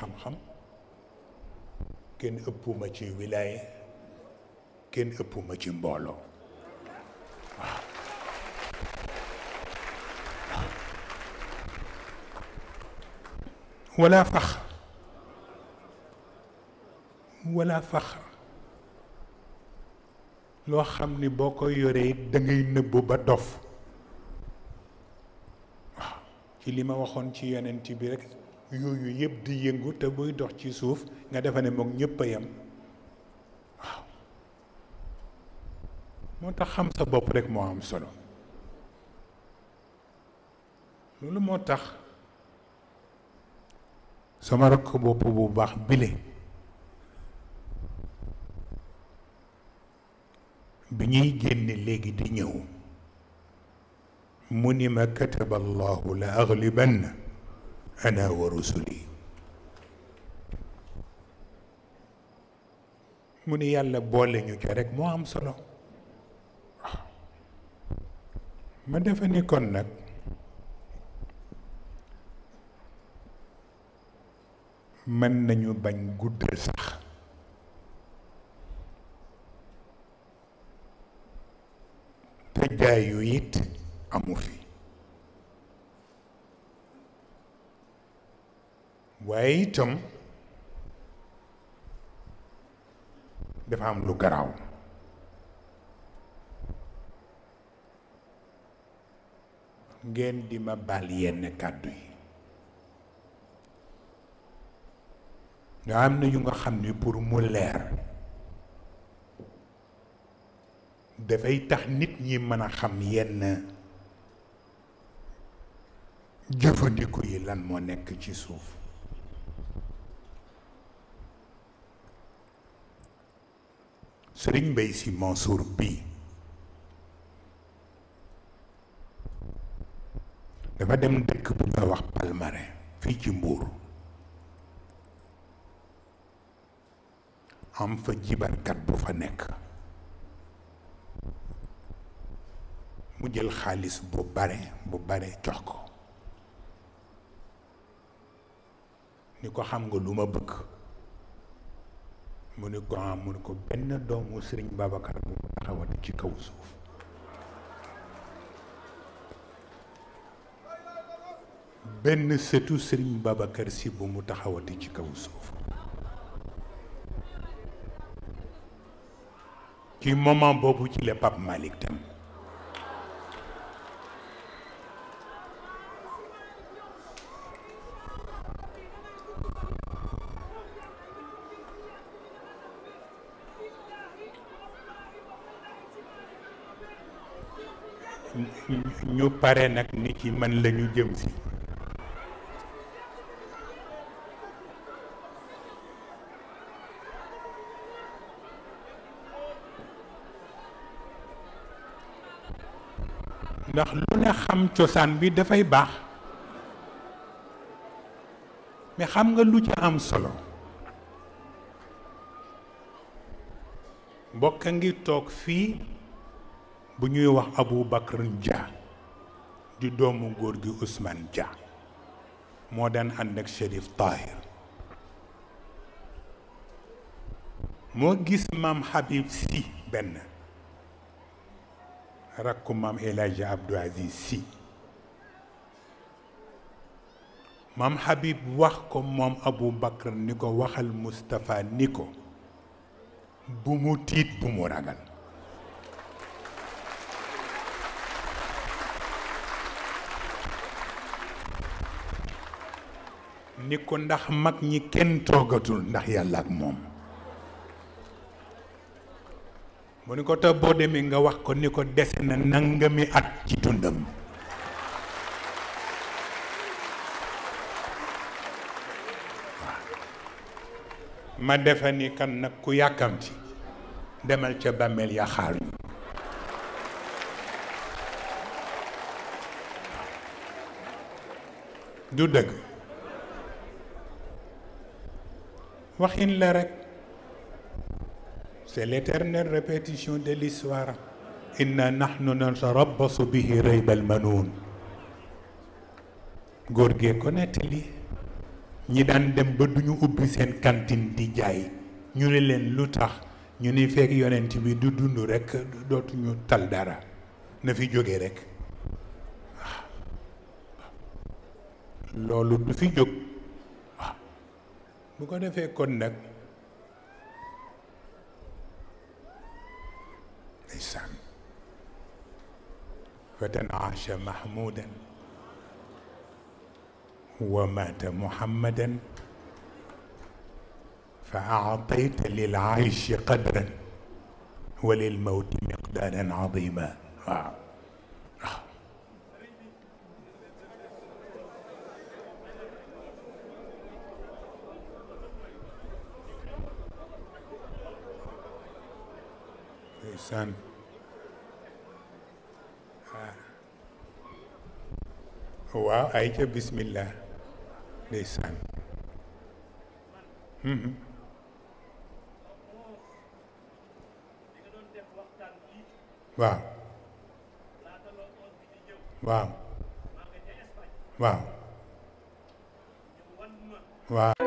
xam-xam kenn ëppuma ci wilaaye kenn ëppuma ci mbooloo waaw wala faxr wala loo xam ni boo koy yoree da ngay nëbbu ba dof ci li ma waxoon ci yonent bi rek yooyu yëpp di yëngu te buy dox ci suuf nga defe ne moom ñëpp a yem waaw moo tax xam sa bopp rek moo am solo loolu moo tax sama rakk bopp bu baax bile bi ñuy génn léegi di ñëw mu ni ma kataba allahu la aglibanna ana wa mu ni yàlla boole ñu ca rek moo am solo ma defe ni kon nag mën nañu bañ gudd sax te jaayu amu fi waaye itam dafa am lu garaw ngeen di ma baal yenn kàddu yi nga am na yu nga xam ni pour mu leer dafay tax nit ñi mën a xam yenn jëfandiku yi lan moo nekk ci suuf sëriñ Mbay Si Mansour bii dafa dem dëkk bu ñuy wax Palmarin fii ci Mbuur am fa jibarkat bu fa nekk mu jël xaalis bu bare bu bare jox ko ni ko xam nga lu ma bëgg mu ni ko mu ni ko benn doomu sëriñ Babacar bu mu taxawati ci kaw suuf benn sëtu sëriñ Babacar mu taxawati ci kaw suuf ci moment boobu ci la Pape Malick tam ñu pare nag ni ci man la ñu jëm si ndax lu ne xam cosaan bi dafay baax mais xam nga lu ci am solo mbokk a ngi toog fii bu ñuy wax abu Bakr Dia di doomu góor gi usmaan Dia moo daan ànd ak Chérif Tahir moo gis maam Habib Sy benn rakku maam El Hadji Aziz Sy maam Habib wax ko moom Abou Bakr ni ko waxal Moustapha ni ko bu mu tiit bu mu ragal ni ko ndax mag ñi kenn toggatul ndax yàlla ak moom mu ni ko te boo demee nga wax ko ni ko dese na mi at ci tundam ma defe ni kan nag ku yàkkamti demal ca bàmmeel ya xaar du dëgg waxin la rek c'est l'éternelle répétition de l'histoire inna nahnu natarabbasu bihi rayba almanuun góor gee ko nettali ñi daan dem ba duñu ubbi seen kantin di jaay ñu ni leen lu tax ñu ni fekk yonent bi du dund rek dootuñu tal dara na fi jóge rek loolu du fi jóg bu ko defee kon nag ndeysaan fatan aasha mahmudan wa maata muhammadan fa aatayta lil aishi qadran wa lil mawti miqdaaran azima waaw ndeysaan ah. waaw ay ca bismillah ndeysaan mhm. waaw waaw waaw waaw